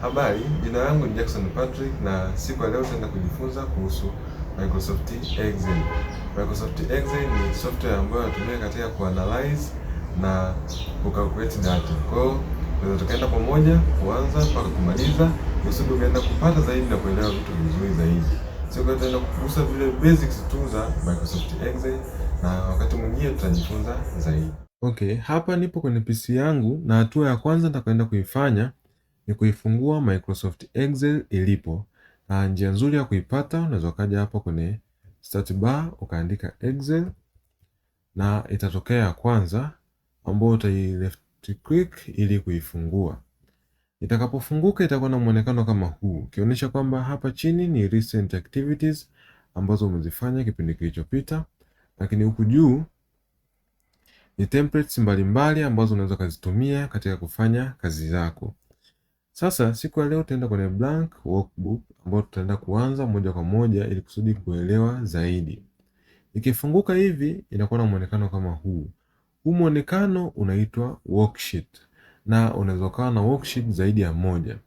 Habari, jina langu ni Jackson Patrick na siku ya leo tutaenda kujifunza kuhusu Microsoft Excel. Microsoft Excel ni software ambayo inatumika katika kuanalyze na kucalculate data. Kwa hiyo tutaenda pamoja kuanza mpaka kumaliza, kusudi ukaenda kupata zaidi na kuelewa vitu vizuri zaidi. Sio leo tutaenda kugusa vile basics tu za Microsoft Excel na wakati mwingine tutajifunza zaidi. Okay, hapa nipo kwenye PC yangu na hatua ya kwanza nitakwenda kuifanya ni kuifungua Microsoft Excel ilipo, na njia nzuri ya kuipata unaweza kaja hapa kwenye start bar ukaandika Excel na itatokea ya kwanza ambayo utai left click ili kuifungua. Itakapofunguka itakuwa na muonekano kama huu, ukionyesha kwamba hapa chini ni recent activities ambazo umezifanya kipindi kilichopita, lakini huku juu ni templates mbalimbali ambazo unaweza kuzitumia katika kufanya kazi zako. Sasa siku ya leo tutaenda kwenye blank workbook ambayo tutaenda kuanza moja kwa moja ili kusudi kuelewa zaidi. Ikifunguka hivi inakuwa na muonekano kama huu. Huu muonekano unaitwa worksheet na unaweza kuwa na worksheet zaidi ya moja.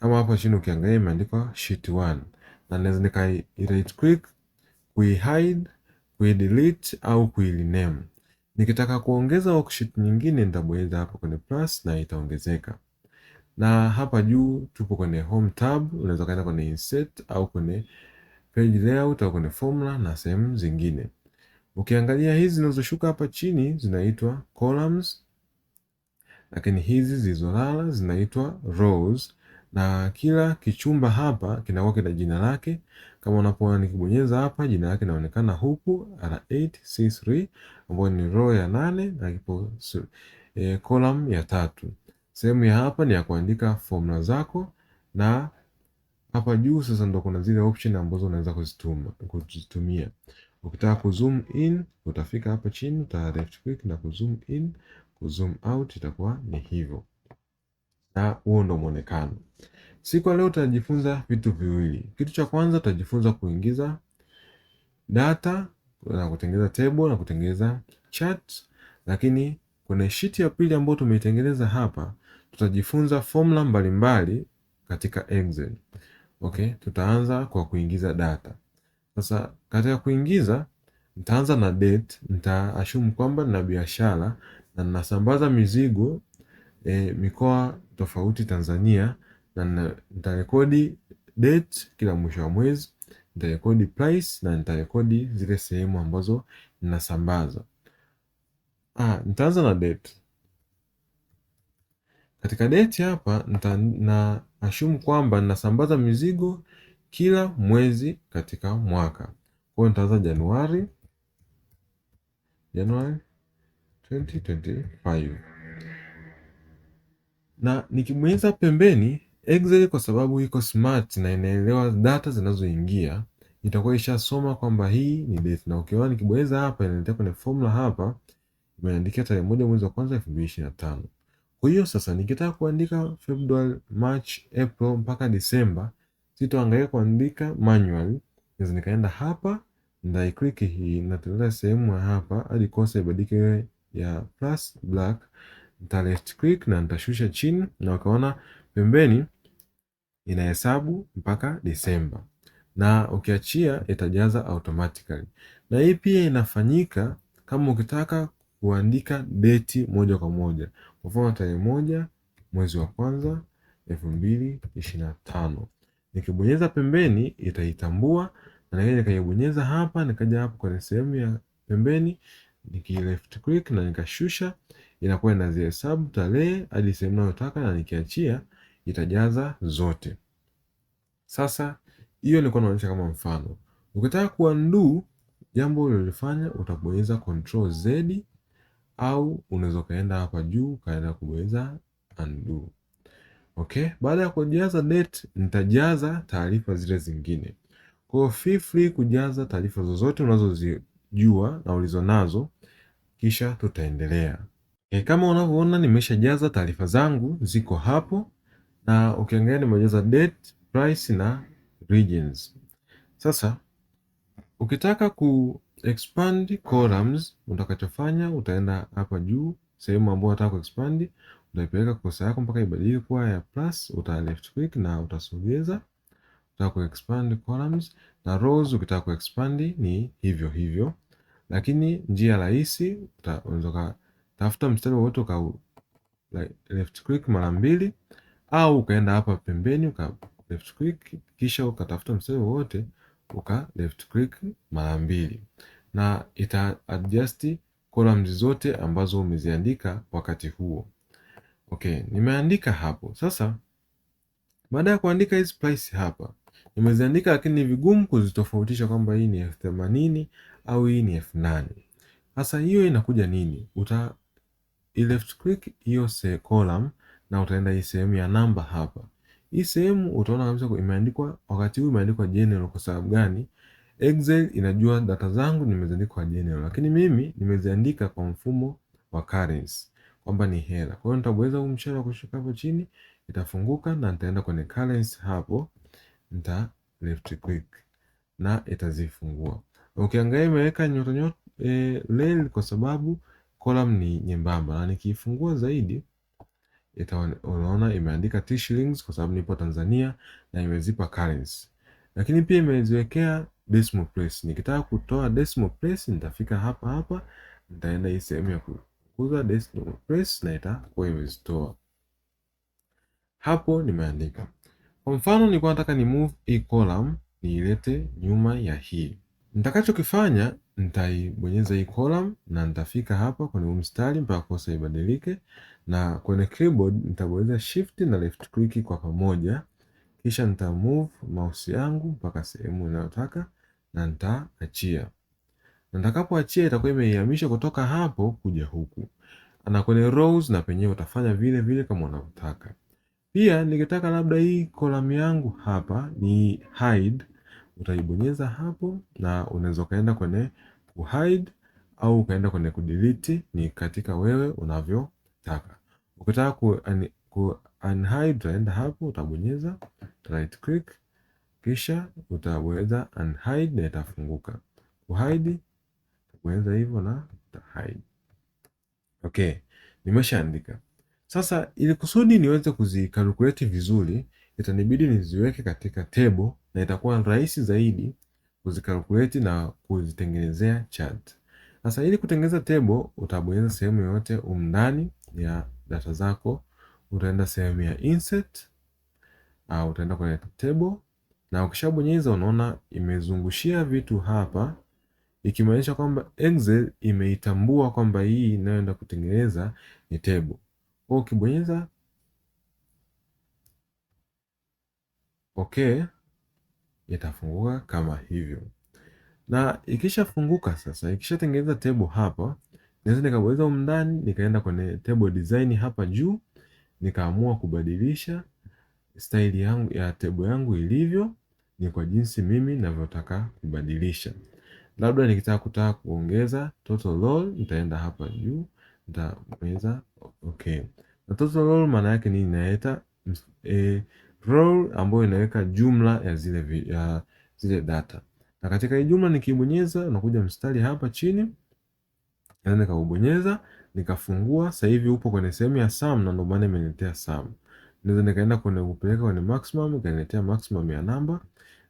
Kama hapa chini ukiangalia imeandikwa sheet 1 na naweza nikai right click kuihide, kuidelete au kuirename. Nikitaka kuongeza worksheet nyingine nitabonyeza hapa kwenye plus na itaongezeka na hapa juu tupo kwenye home tab, unaweza kaenda kwenye insert au kwenye page layout au kwenye formula na sehemu zingine. Ukiangalia hizi zinazoshuka hapa chini zinaitwa columns, lakini hizi zilizolala zinaitwa rows, na kila kichumba hapa kinakuwa kina jina lake. Kama unapoona nikibonyeza hapa, jina lake linaonekana huku R8 C3 ambayo ni row ya nane na ipo e, column ya tatu. Sehemu ya hapa ni ya kuandika formula zako na hapa juu sasa ndo kuna zile option ambazo unaweza kuzitumia. Ukitaka kuzoom in utafika hapa chini uta left click na kuzoom in, kuzoom out itakuwa ni hivyo. Na huo ndo muonekano. Siku ya leo utajifunza vitu viwili. Kitu cha kwanza utajifunza kuingiza data na kutengeneza table na kutengeneza chart, lakini kuna sheet ya pili ambayo tumeitengeneza hapa tutajifunza formula mbalimbali katika Excel. Okay, tutaanza kwa kuingiza data. Sasa katika kuingiza nitaanza na date, nitaashumu kwamba nina biashara na nasambaza mizigo e, mikoa tofauti Tanzania na nitarekodi date kila mwisho wa mwezi, nitarekodi price na nitarekodi zile sehemu ambazo ninasambaza. Ah, nitaanza na date. Katika date hapa nita, na assume kwamba nasambaza mizigo kila mwezi katika mwaka. Kwa hiyo nitaanza Januari Januari 2025 na nikibonyeza pembeni Excel kwa sababu iko smart na inaelewa data zinazoingia itakuwa ishasoma kwamba hii ni date, na ukiona nikibonyeza hapa inaletea kwenye formula hapa imeandikia tarehe moja mwezi wa kwanza elfu mbili ishirini na tano. Kwa hiyo sasa nikitaka kuandika February, March, April mpaka December, sitoangalia kuandika manual. Naweza nikaenda hapa, ndai click hii, na nataleta sehemu hapa hadi kosa ibadike iwe ya plus black. Nita left click na nitashusha chini, na ukaona pembeni inahesabu mpaka Desemba, na ukiachia itajaza automatically. Na hii pia inafanyika kama ukitaka kuandika date moja kwa moja mfano tarehe moja mwezi wa kwanza elfu mbili ishirini na tano. Nikibonyeza pembeni itaitambua na nikaja nikaibonyeza hapa, nikaja hapo kwenye sehemu ya pembeni niki left click na nikashusha, inakuwa inazihesabu tarehe hadi sehemu ninayotaka na nikiachia itajaza zote. Sasa hiyo nilikuwa naonyesha kama mfano. Ukitaka kuandu jambo ulilofanya utabonyeza control z au unaweza ukaenda hapa juu ukaenda kubonyeza undo. Okay, baada ya kujaza date nitajaza taarifa zile zingine. Kwa hiyo feel free kujaza taarifa zozote unazozijua na ulizonazo, kisha tutaendelea. E, kama unavyoona nimeshajaza taarifa zangu ziko hapo, na ukiangalia nimejaza date, price na regions. Sasa Ukitaka ku expand columns, utakachofanya utaenda hapa juu sehemu ambayo unataka ku expand, utaipeleka kosa yako mpaka ibadilike kuwa ya plus, uta left click na utasogeza. utaka ku expand columns na rows, ukitaka ku expand ni hivyo hivyo, lakini njia rahisi unaweza tafuta mstari wowote uka like left click mara mbili, au ukaenda hapa pembeni uka left click kisha ukatafuta mstari wowote uka left click mara mbili na ita adjust columns zote ambazo umeziandika wakati huo. Okay, nimeandika hapo sasa. Baada ya kuandika hizi price hapa nimeziandika, lakini ni vigumu kuzitofautisha kwamba hii ni elfu themanini au hii ni elfu nane. Sasa hiyo inakuja nini? Uta left click hiyo column na utaenda hii sehemu ya namba hapa hii sehemu utaona kabisa imeandikwa wakati huu imeandikwa general. Kwa sababu gani? Excel inajua data zangu nimeziandika kwa general, lakini mimi nimeziandika kwa mfumo wa currency kwamba ni hela. Kwa hiyo nitabonyeza huu mshale kushuka hapo chini, itafunguka na nitaenda kwenye currency hapo, nita left click na itazifungua. Ukiangalia imeweka nyota nyota e, eh, lel kwa sababu column ni nyembamba, na nikiifungua zaidi unaona imeandika T shillings kwa sababu nipo Tanzania na imezipa currency, lakini pia imeziwekea decimal place. Nikitaka kutoa decimal place nitafika hapa hapa, nitaenda hii sehemu ya kukuza decimal place na itakuwa imezitoa hapo. Nimeandika kwa mfano, nilikuwa nataka ni move hii column niilete nyuma ya hii. Nitakachokifanya, nitaibonyeza hii column na nitafika hapa kwenye mstari mpaka kosa ibadilike na kwenye keyboard nitabonyeza shift na left click kwa pamoja, kisha nita move mouse yangu mpaka sehemu ninayotaka na nitaachia. Na Nitakapoachia itakuwa imeihamisha kutoka hapo kuja huku, na kwenye rows na penyewe utafanya vile vile kama unavyotaka. Pia nikitaka labda hii column yangu hapa ni hide, utaibonyeza hapo na unaweza ukaenda kwenye ku hide au ukaenda kwenye kudelete, ni katika wewe unavyo taka. Ukitaka ku, un, ku unhide hapo utabonyeza right click, kisha utaweza unhide na itafunguka. Kuhide utabonyeza hivyo na utahide. Okay, nimeshaandika sasa. Ili kusudi niweze kuzikalkuleti vizuri, itanibidi niziweke katika table na itakuwa rahisi zaidi kuzikalkuleti na kuzitengenezea chart. Sasa ili kutengeneza table utabonyeza sehemu yoyote umndani ya data zako, utaenda sehemu ya insert, au utaenda kwenye table na ukishabonyeza unaona imezungushia vitu hapa, ikimaanisha kwamba Excel imeitambua kwamba hii inayoenda kutengeneza ni table. Kwa ukibonyeza okay, itafunguka kama hivyo, na ikishafunguka sasa, ikishatengeneza table hapa Naweza nikabonyeza huko ndani nikaenda kwenye table design hapa juu, nikaamua kubadilisha style yangu ya table yangu ilivyo, ni kwa jinsi mimi ninavyotaka kubadilisha. Labda nikitaka kutaka kuongeza total roll, nitaenda hapa juu nitabonyeza okay. Na total roll maana yake ni inaeta e, eh, roll ambayo inaweka jumla ya zile, ya zile data na katika hii jumla nikibonyeza, unakuja mstari hapa chini Yaani nikaubonyeza, nikafungua, sasa hivi upo kwenye sehemu ya sum na ndio maana imeniletea sum. Naweza nikaenda kwenye kupeleka kwenye maximum, ikaniletea maximum ya namba,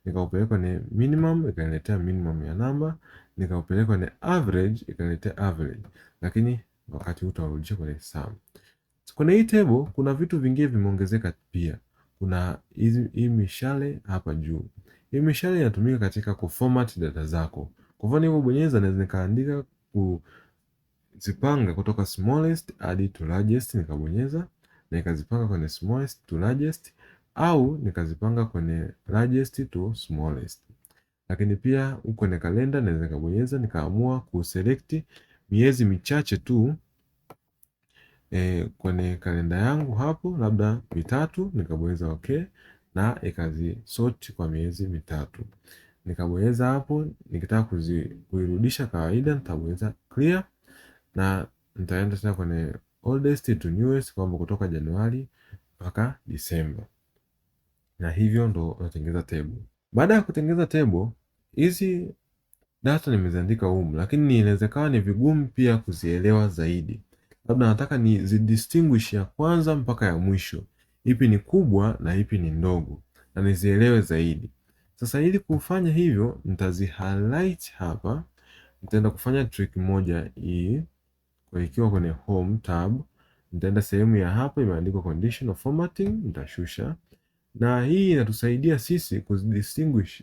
nikaupeleka kwenye minimum, ikaniletea minimum ya namba, nikaupeleka kwenye average, ikaniletea average. Lakini wakati utarudisha kwenye sum. Kwenye hii table kuna vitu vingine vimeongezeka pia. Kuna hii mishale hapa juu. Hii mishale inatumika katika kuformat data zako. Kwa hivyo nilipobonyeza naweza nikaandika ku zipanga kutoka smallest hadi to largest, nikabonyeza na ikazipanga kwenye smallest to largest, au nikazipanga kwenye largest to smallest. Lakini pia huko kwenye kalenda naweza nikabonyeza nikaamua kuselect miezi michache tu e, kwenye kalenda yangu hapo labda mitatu, nikabonyeza okay na ikazisort kwa miezi mitatu. Nikabonyeza hapo, nikitaka kuirudisha kawaida nitabonyeza clear na nitaenda tena kwenye oldest to newest kwamba kutoka Januari mpaka Disemba, na hivyo ndo natengeneza table. Baada ya kutengeneza table hizi data nimeziandika humu, lakini inawezekana ni vigumu pia kuzielewa zaidi, labda nataka ni zidistinguish ya kwanza mpaka ya mwisho, ipi ni kubwa na ipi ni ndogo, na nizielewe zaidi. Sasa ili kufanya hivyo, nitazi highlight hapa. Nitaenda kufanya trick moja hii kwa ikiwa kwenye home tab, nitaenda sehemu ya hapa imeandikwa conditional formatting, nitashusha. Na hii inatusaidia sisi kudistinguish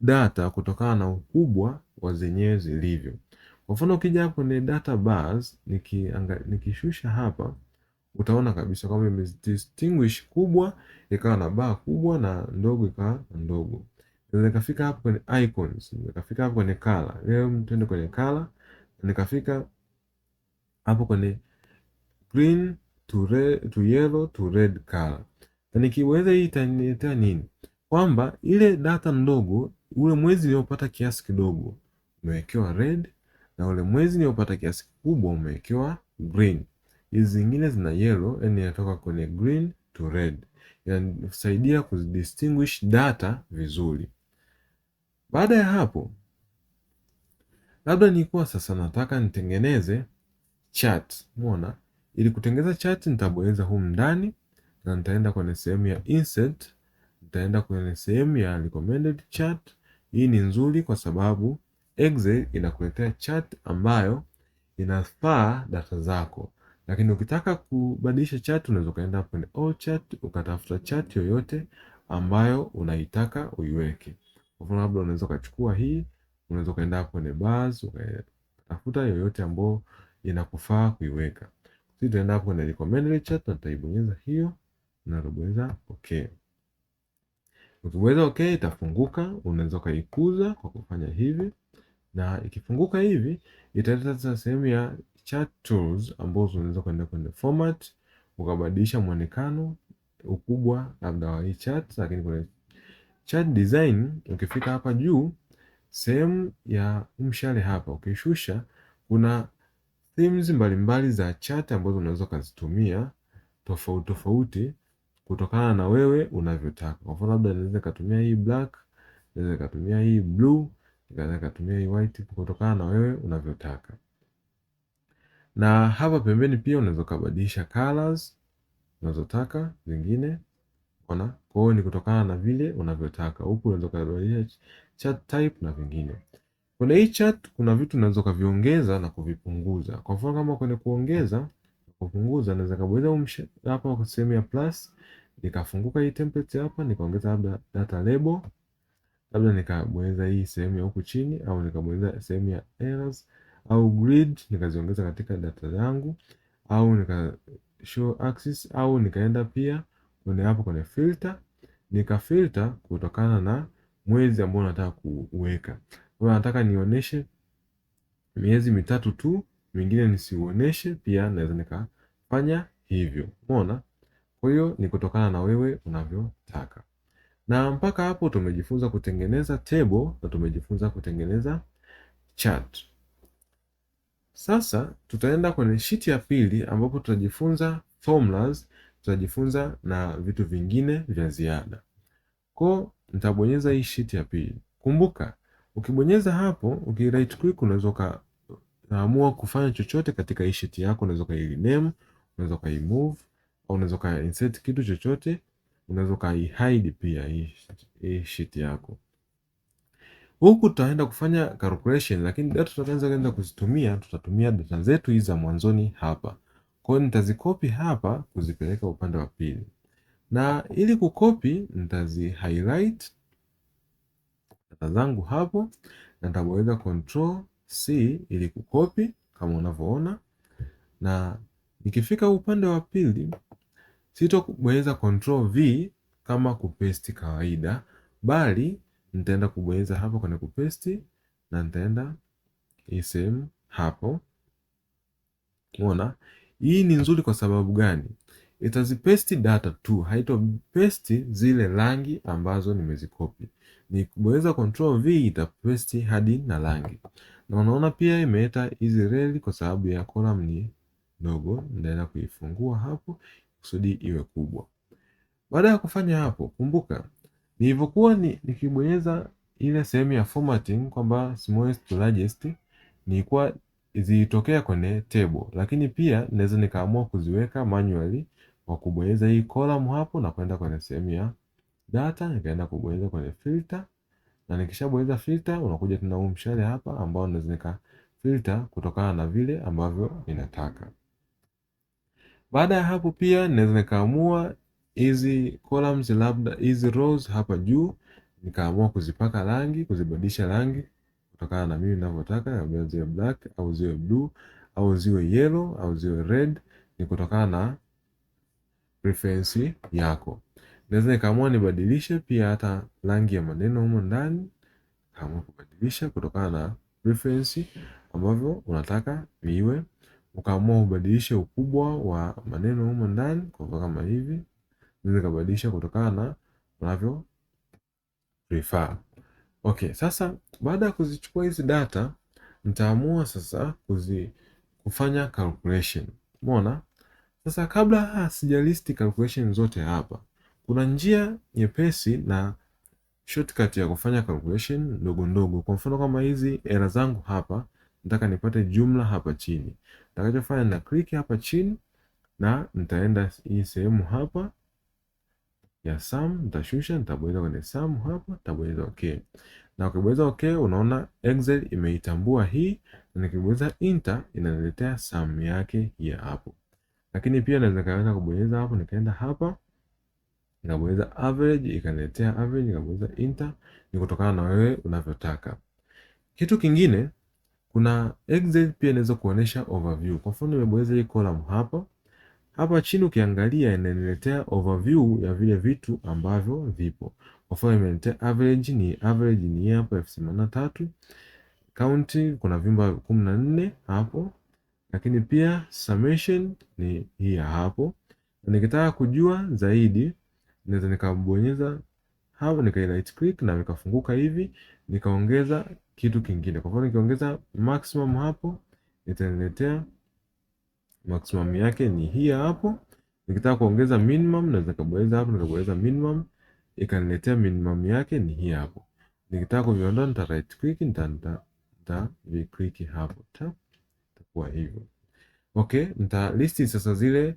data kutokana na ukubwa wa zenyewe zilivyo. Kwa mfano ukija hapo kwenye data bars, nikishusha hapa utaona kabisa kwamba imedistinguish kubwa ikawa na bar kubwa na ndogo ikawa na ndogo. Nikafika hapo kwenye icons, nikafika hapo kwenye color. Leo tuende kwenye color, nikafika hapo kwenye green to red to yellow to red color. Na nikiweza hii itaniletea nini? Kwamba ile data ndogo, ule mwezi uliopata kiasi kidogo umewekewa red, na ule mwezi uliopata kiasi kikubwa umewekewa green. Hizi zingine zina yellow, yani inatoka kwenye green to red. inasaidia kudistinguish data vizuri. Baada ya hapo, labda nilikuwa sasa nataka nitengeneze chat. Umeona? Ili kutengeneza chat nitabonyeza humu ndani na nitaenda kwenye sehemu ya insert, nitaenda kwenye sehemu ya recommended chat. Hii ni nzuri kwa sababu Excel inakuletea chat ambayo inafaa data zako, lakini ukitaka kubadilisha chat unaweza ukaenda kwenye all chat ukatafuta chat yoyote ambayo unaitaka uiweke. Kwa mfano, labda unaweza ukachukua hii, unaweza ukaenda kwenye bars ukatafuta yoyote ambayo inakufaa kuiweka. Sisi tutaenda hapo kwenye recommend licha, tutaibonyeza hiyo na tubonyeza okay. Ukibonyeza okay itafunguka, unaweza ukaikuza kwa kufanya hivi, na ikifunguka hivi italeta sasa sehemu ya chat tools ambazo unaweza kwenda kwenye format ukabadilisha mwonekano, ukubwa labda wa hii chat, Lakini kwenye chat design ukifika hapa juu sehemu ya mshale hapa ukishusha, kuna themes mbalimbali za chat ambazo unaweza ukazitumia tofauti tofauti kutokana na wewe unavyotaka. Kwa mfano labda naweza nikatumia hii black, naweza nikatumia hii blue, naweza nikatumia hii white kutokana na wewe unavyotaka. Na hapa pembeni pia unaweza kubadilisha colors unazotaka zingine. Ona, kwa hiyo ni kutokana na vile unavyotaka. Huku unaweza kubadilisha chat type na vingine. Kwenye hii chart kuna vitu naweza ukaviongeza na kuvipunguza. Kwa mfano kama kwenye kuongeza na kupunguza, naweza kabonyeza hapa kwa sehemu ya plus, nikafunguka hii template hapa, nikaongeza labda data label, labda nikabonyeza hii sehemu ya huku chini, au nikabonyeza sehemu ya errors au grid, nikaziongeza katika data yangu, au nika show axis, au nikaenda pia kwenye hapo kwenye filter, nikafilter kutokana na mwezi ambao nataka kuweka. Kwa nataka nioneshe miezi mitatu tu, mingine nisiuoneshe pia naweza nikafanya hivyo. Umeona? Kwa hiyo ni kutokana na wewe unavyotaka. Na mpaka hapo tumejifunza kutengeneza table na tumejifunza kutengeneza chart. Sasa tutaenda kwenye sheet ya pili ambapo tutajifunza formulas, tutajifunza na vitu vingine vya ziada. Kwa nitabonyeza hii sheet ya pili. Kumbuka Ukibonyeza hapo, uki right click unaweza kaamua kufanya chochote katika hii sheet yako. Unaweza kai-rename, unaweza kai-move au unaweza ka-insert kitu chochote. Unaweza kai-hide pia hii sheet yako. Huku tutaenda kufanya calculation, lakini data tutaanza kwenda kuzitumia, tutatumia data zetu hizi za mwanzoni hapa. Kwa hiyo nitazikopi hapa kuzipeleka upande wa pili, na ili kukopi nitazi highlight data zangu hapo na nitabonyeza control C ili kukopi kama unavyoona, na nikifika upande wa pili sitobonyeza control V kama kupesti kawaida, bali nitaenda kubonyeza hapo kwenye kupesti na nitaenda hii sehemu hapo. Unaona, hii ni nzuri kwa sababu gani? itazipesti data tu, haitopesti zile rangi ambazo nimezikopi. Nikibonyeza control v itapesti hadi na rangi, na unaona pia imeleta hizi reli kwa sababu ya column ni ndogo. Ndaenda kuifungua hapo kusudi iwe kubwa. Baada ya kufanya hapo, kumbuka nilivyokuwa ni, nikibonyeza ile sehemu ya formatting kwamba smallest to largest nilikuwa zilitokea kwenye table, lakini pia naweza nikaamua kuziweka manually kwa kubonyeza hii column hapo na kwenda kwenye sehemu ya data, nikaenda kubonyeza kwenye filter, na nikishabonyeza filter, unakuja tuna huu mshale hapa ambao naweza nika filter kutokana na vile ambavyo ninataka. Baada ya hapo pia naweza nikaamua hizi columns labda hizi rows hapa juu nikaamua kuzipaka rangi, kuzibadilisha rangi kutokana na mimi ninavyotaka, labda ziwe black au ziwe blue au ziwe yellow au ziwe red, ni kutokana na preference yako. Naweza nikaamua nibadilishe pia hata rangi ya maneno humo ndani, kama kubadilisha kutokana na preference ambavyo unataka viwe. Ukaamua ubadilishe ukubwa wa maneno humo ndani kwa kama hivi, naweza kubadilisha kutokana na unavyo prefer. Okay, sasa baada ya kuzichukua hizi data nitaamua sasa kuzi, kufanya calculation. Umeona? Sasa kabla sijalisti calculation zote hapa, kuna njia nyepesi na shortcut ya kufanya calculation ndogo ndogo. Kwa mfano kama hizi era zangu hapa, nataka nipate jumla hapa chini. Nitakachofanya na click hapa chini na nitaenda hii sehemu hapa ya sum, nitashusha, nitabonyeza kwenye sum hapa, nitabonyeza okay. Na ukibonyeza okay, unaona Excel imeitambua hii, na nikibonyeza enter inaniletea sum yake hii hapo lakini pia naweza kaweza kubonyeza hapo, nikaenda hapa nikabonyeza average, ikaniletea average, nikabonyeza enter. Ni kutokana na wewe unavyotaka. Kitu kingine, kuna exit pia inaweza kuonesha overview. Kwa mfano nimebonyeza hii column hapa hapa chini ukiangalia inaniletea overview ya vile vitu ambavyo vipo. Kwa mfano imeniletea average, ni average ni hapa elfu themanini na tatu. County kuna vyumba kumi na nne hapo lakini pia summation ni hii hapo. Na nikitaka kujua zaidi naweza nikabonyeza hapo nika right click na nikafunguka hivi, nikaongeza kitu kingine. Kwa mfano nikiongeza maximum hapo, itaniletea maximum yake ni hii hapo. Nikitaka kuongeza minimum naweza kabonyeza hapo, nikabonyeza minimum, ikaniletea minimum yake ni hii hapo. Nikitaka kuviondoa nita right click, nita nita vi click hapo tap kuwa hivyo. Okay, listi sasa zile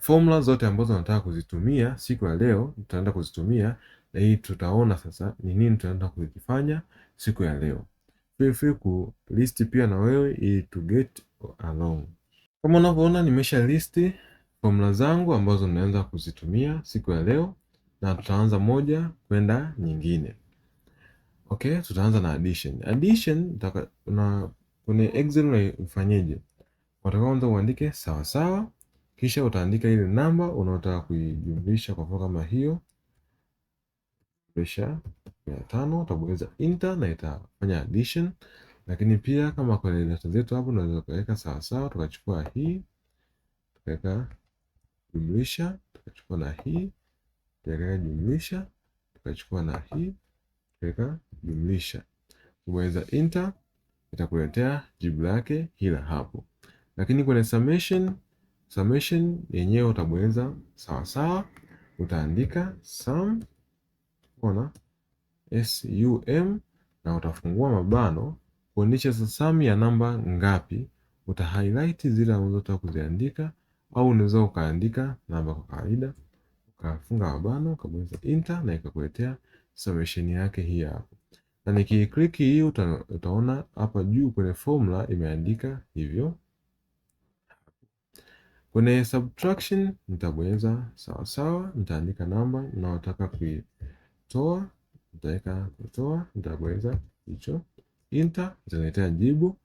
formula zote ambazo nataka kuzitumia siku ya leo, tutaenda kuzitumia na hii tutaona sasa ni nini tutaenda kuzifanya siku ya leo. Feel free ku list pia na wewe ili to get along. Kama unavyoona nimesha list formula zangu ambazo naanza kuzitumia siku ya leo na tutaanza moja kwenda nyingine. Okay, tutaanza na addition. Addition na kwenye Excel na ufanyeje? Unataka kwanza uandike sawa sawa, kisha utaandika ile namba unaotaka kuijumlisha. Kwa mfano kama hiyo jumlisha mia tano, utabonyeza enter na itafanya addition. Lakini pia kama kwenye data zetu hapo, unaweza ukaweka sawa sawa, tukachukua hii tukaweka jumlisha, tukachukua na hii tukaweka jumlisha, tukachukua na hii tukaweka jumlisha, kubonyeza enter itakuletea jibu lake hila hapo. Lakini kwenye summation, summation yenyewe utabonyeza sawa sawa, utaandika sum, ona sum, na utafungua mabano kuonyesha sum ya namba ngapi. Uta highlight zile ambazo unataka kuziandika, au unaweza ukaandika namba kwa kawaida, ukafunga mabano, ukabonyeza enter na ikakuletea summation yake hii hapo na nikiikiki hii uta, utaona hapa juu kwenye formula imeandika hivyo. Kwenye subtraction nitabonyeza sawa sawa, nitaandika namba nataka kuitoa, nitaweka kutoa, nitabonyeza hicho enter, itaniletea jibu.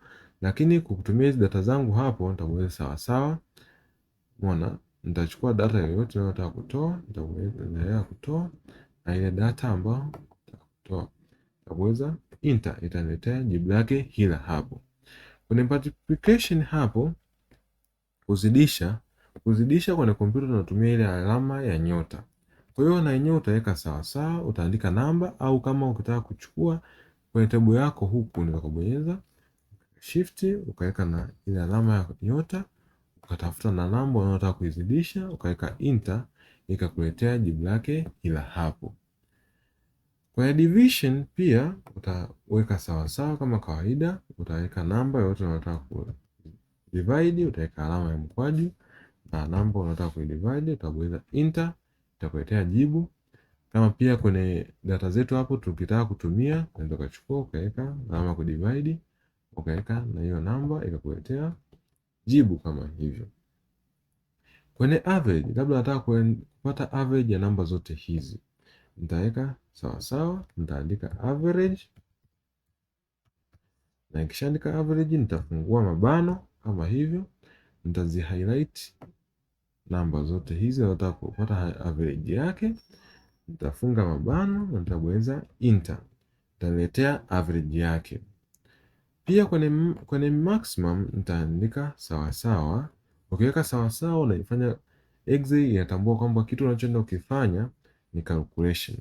Lakini kwa kutumia hizi data zangu hapo, nitabonyeza sawa sawa, umeona nitachukua data yoyote nataka kutoa, nitaweka kutoa na ile data ambayo nataka kutoa Nikabonyeza enter, itaniletea jibu lake hila hapo. Kwenye multiplication hapo kuzidisha, kuzidisha kwenye kompyuta tunatumia ile alama ya nyota. Kwa hiyo na yenyewe utaweka sawa sawa, utaandika namba au kama ukitaka kuchukua kwenye tabu yako huku unaweza kubonyeza shift ukaweka na ile alama ya nyota ukatafuta na namba unayotaka kuizidisha ukaweka enter, ikakuletea jibu lake ila hapo. Kwenye division pia utaweka sawasawa kama kawaida, utaweka namba yoyote unayotaka divide, utaweka alama ya mkwaju na namba unayotaka divide, utabonyeza enter, itakuletea jibu. Kama pia kwenye data zetu hapo tukitaka kutumia, unaweza kuchukua ukaweka alama ku divide, ukaweka na hiyo namba ikakuletea jibu kama hivyo. Kwenye average, labda nataka kupata average ya namba zote hizi, nitaweka sawa sawa, nitaandika average na ikishaandika average nitafungua mabano kama hivyo, nitazi highlight namba zote hizi nataka kupata average yake, nitafunga mabano na nitabonyeza enter, nitaletea average yake. Pia kwenye, kwenye maximum nitaandika sawasawa. Ukiweka sawasawa unaifanya Excel inatambua kwamba kitu unachoenda ukifanya ni calculation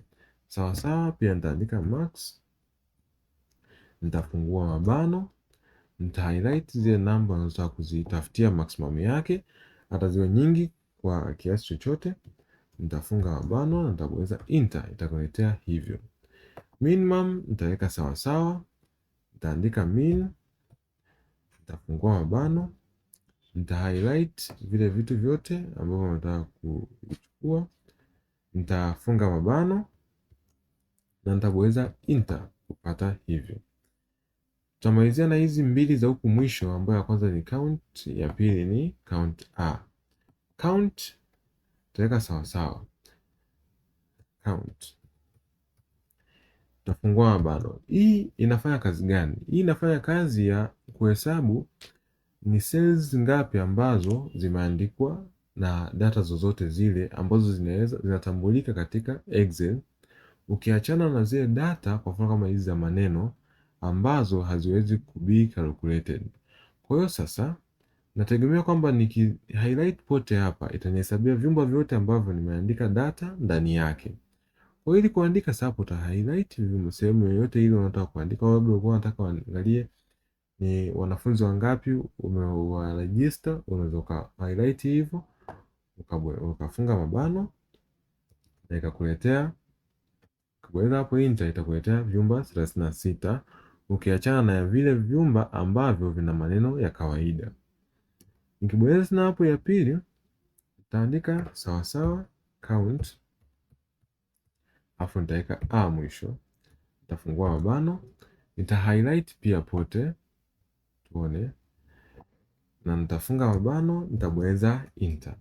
sawa sawa. Pia nitaandika max, nitafungua mabano, nita highlight zile namba unazotaka kuzitafutia maximum yake, hata ziwe nyingi kwa kiasi chochote. Nitafunga mabano na nitabonyeza enter, itakuletea hivyo. Minimum nitaweka sawa sawa, nitaandika min, nitafungua mabano, nita highlight vile vitu vyote ambavyo nataka kuchukua, nitafunga mabano na nitaweza enter kupata hivyo. Tutamalizia na hizi mbili za huku mwisho ambayo ya kwanza ni count, ya pili ni count a. Count tutaweka sawa sawa. Count tafungua mabano. Hii inafanya kazi gani? Hii inafanya kazi ya kuhesabu ni cells ngapi ambazo zimeandikwa na data zozote zile ambazo zinaweza zinatambulika katika Excel. Ukiachana na zile data kwa mfano kama hizi za maneno ambazo haziwezi kubi calculated. Kwa hiyo sasa nategemea kwamba niki highlight pote hapa itanihesabia vyumba vyote ambavyo nimeandika data ndani yake. Kwa hiyo ili kuandika sasa uta highlight vyumba sehemu yoyote ile unataka kuandika. au Labda ulikuwa unataka uangalie ni wanafunzi wangapi umewa register, unaweza uka highlight hivyo ukafunga mabano na ikakuletea Tukiweka hapo nje itakuletea vyumba 36 ukiachana na vile vyumba ambavyo vina maneno ya kawaida. Nikibonyeza tena hapo ya pili nitaandika sawasawa count, afu nitaweka a mwisho, nitafungua mabano, nita highlight pia pote tuone, na nitafunga mabano, nitabonyeza enter.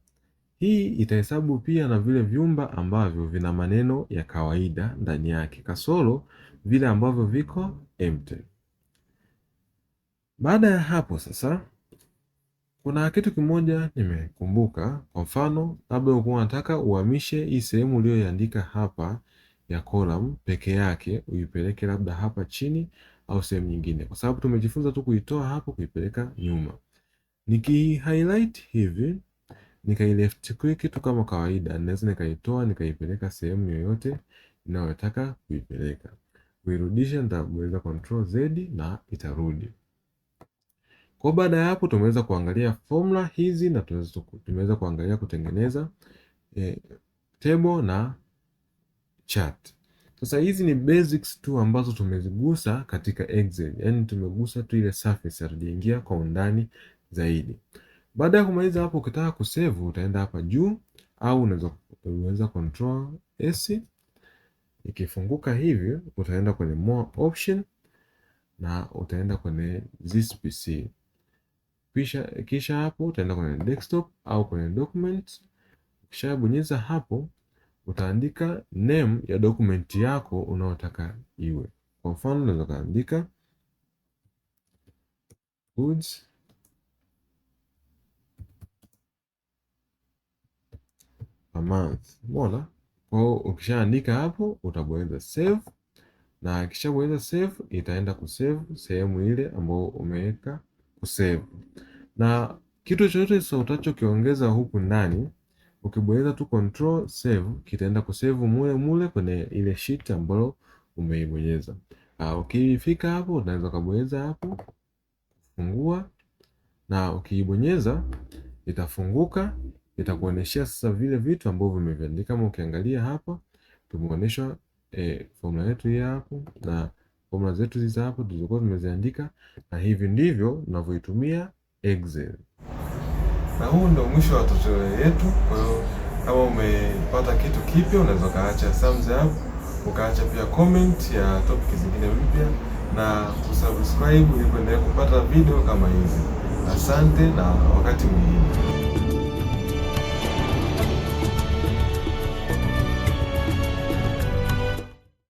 Hii itahesabu pia na vile vyumba ambavyo vina maneno ya kawaida ndani yake kasoro vile ambavyo viko empty. Baada ya hapo sasa, kuna kitu kimoja nimekumbuka. Kwa mfano, labda ulikuwa unataka uhamishe hii sehemu uliyoiandika hapa ya column peke yake uipeleke labda hapa chini au sehemu nyingine, kwa sababu tumejifunza tu kuitoa hapo kuipeleka nyuma. Nikihighlight hivi quick tu kama kawaida, naweza nikaitoa nikaipeleka sehemu yoyote ninayotaka kuipeleka. Kuirudisha nitaweza control z na itarudi. Kwa baada ya hapo tumeweza kuangalia formula hizi na tumeweza kuangalia kutengeneza eh, table na chart. Sasa hizi ni basics tu ambazo tumezigusa katika Excel, yaani tumegusa tu ile surface, hatujaingia kwa undani zaidi. Baada ya kumaliza hapo, ukitaka kusave utaenda hapa juu, au unaweza unaweza control S. Ikifunguka hivi, utaenda kwenye more option na utaenda kwenye this PC. Kisha kisha hapo utaenda kwenye desktop au kwenye document. Ukishabonyeza hapo, utaandika name ya document yako unaotaka iwe. Kwa mfano unaweza kaandika goods per month. Umeona? Kwa hiyo ukishaandika hapo utabonyeza save, na akishabonyeza save itaenda kusave sehemu ile ambayo umeweka kusave, na kitu chochote utachokiongeza huku ndani ukibonyeza tu control save kitaenda kusave mule mule kwenye ile sheet ambayo umeibonyeza. Ukifika hapo unaweza ukabonyeza hapo kufungua, na ukiibonyeza itafunguka Itakuoneshea sasa vile vitu ambavyo vimeviandika. Kama ukiangalia hapa tumeonyeshwa e, formula yetu hii hapo na formula zetu hizi hapo tulizokuwa tumeziandika, na hivi ndivyo tunavyoitumia Excel. Na huu ndio mwisho wa tutorial yetu. Kwa hiyo kama umepata kitu kipya, unaweza ukaacha thumbs up, ukaacha pia comment ya topic zingine mpya na kusubscribe ili kuendelea kupata video kama hizi. Asante na wakati mwingine.